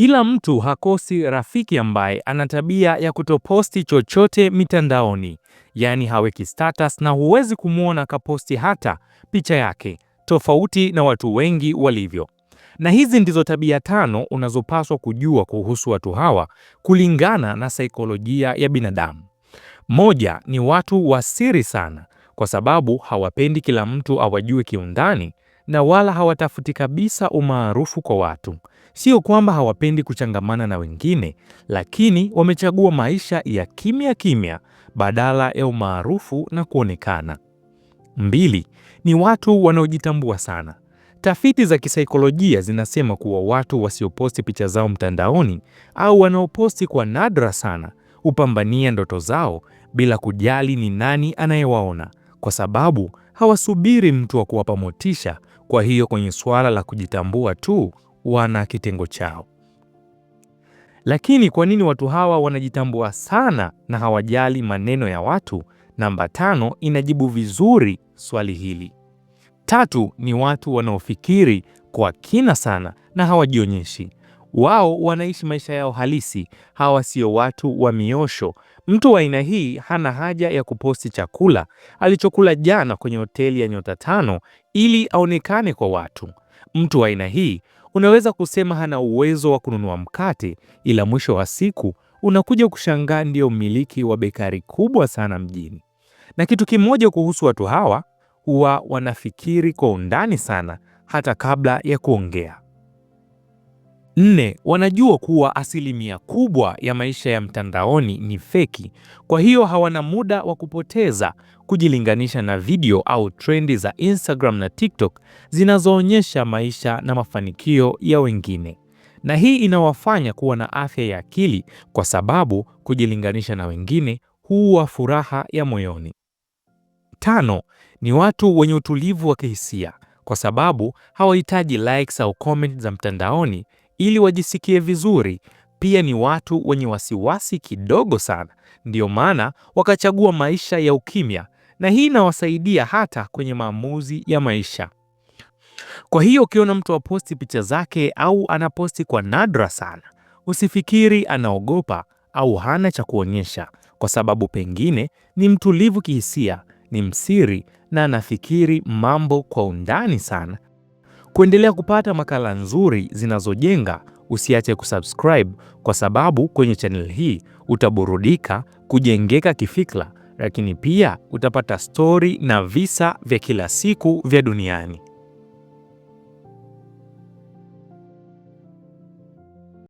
Kila mtu hakosi rafiki ambaye ana tabia ya kutoposti chochote mitandaoni, yaani haweki status na huwezi kumwona kaposti hata picha yake, tofauti na watu wengi walivyo. Na hizi ndizo tabia tano unazopaswa kujua kuhusu watu hawa kulingana na saikolojia ya binadamu. Moja, ni watu wasiri sana, kwa sababu hawapendi kila mtu awajue kiundani na wala hawatafuti kabisa umaarufu kwa watu. Sio kwamba hawapendi kuchangamana na wengine, lakini wamechagua maisha ya kimya kimya badala ya umaarufu na kuonekana. Mbili, ni watu wanaojitambua sana. Tafiti za kisaikolojia zinasema kuwa watu wasioposti picha zao mtandaoni au wanaoposti kwa nadra sana hupambania ndoto zao bila kujali ni nani anayewaona, kwa sababu hawasubiri mtu wa kuwapa motisha, kwa hiyo kwenye suala la kujitambua tu wana kitengo chao. Lakini kwa nini watu hawa wanajitambua sana na hawajali maneno ya watu? Namba tano inajibu vizuri swali hili. Tatu ni watu wanaofikiri kwa kina sana na hawajionyeshi. Wao wanaishi maisha yao halisi. Hawa sio watu wa miosho. Mtu wa aina hii hana haja ya kuposti chakula alichokula jana kwenye hoteli ya nyota tano ili aonekane kwa watu. Mtu wa aina hii unaweza kusema hana uwezo wa kununua mkate, ila mwisho wa siku unakuja kushangaa ndiyo mmiliki wa bekari kubwa sana mjini. Na kitu kimoja kuhusu watu hawa, huwa wanafikiri kwa undani sana hata kabla ya kuongea. Nne, wanajua kuwa asilimia kubwa ya maisha ya mtandaoni ni feki, kwa hiyo hawana muda wa kupoteza kujilinganisha na video au trendi za Instagram na TikTok zinazoonyesha maisha na mafanikio ya wengine, na hii inawafanya kuwa na afya ya akili kwa sababu kujilinganisha na wengine huwa furaha ya moyoni. Tano, ni watu wenye utulivu wa kihisia kwa sababu hawahitaji likes au comment za mtandaoni ili wajisikie vizuri. Pia ni watu wenye wasiwasi kidogo sana, ndiyo maana wakachagua maisha ya ukimya, na hii inawasaidia hata kwenye maamuzi ya maisha. Kwa hiyo ukiona mtu aposti picha zake au anaposti kwa nadra sana, usifikiri anaogopa au hana cha kuonyesha, kwa sababu pengine ni mtulivu kihisia, ni msiri na anafikiri mambo kwa undani sana. Kuendelea kupata makala nzuri zinazojenga, usiache kusubscribe kwa sababu kwenye channel hii utaburudika, kujengeka kifikra, lakini pia utapata stori na visa vya kila siku vya duniani.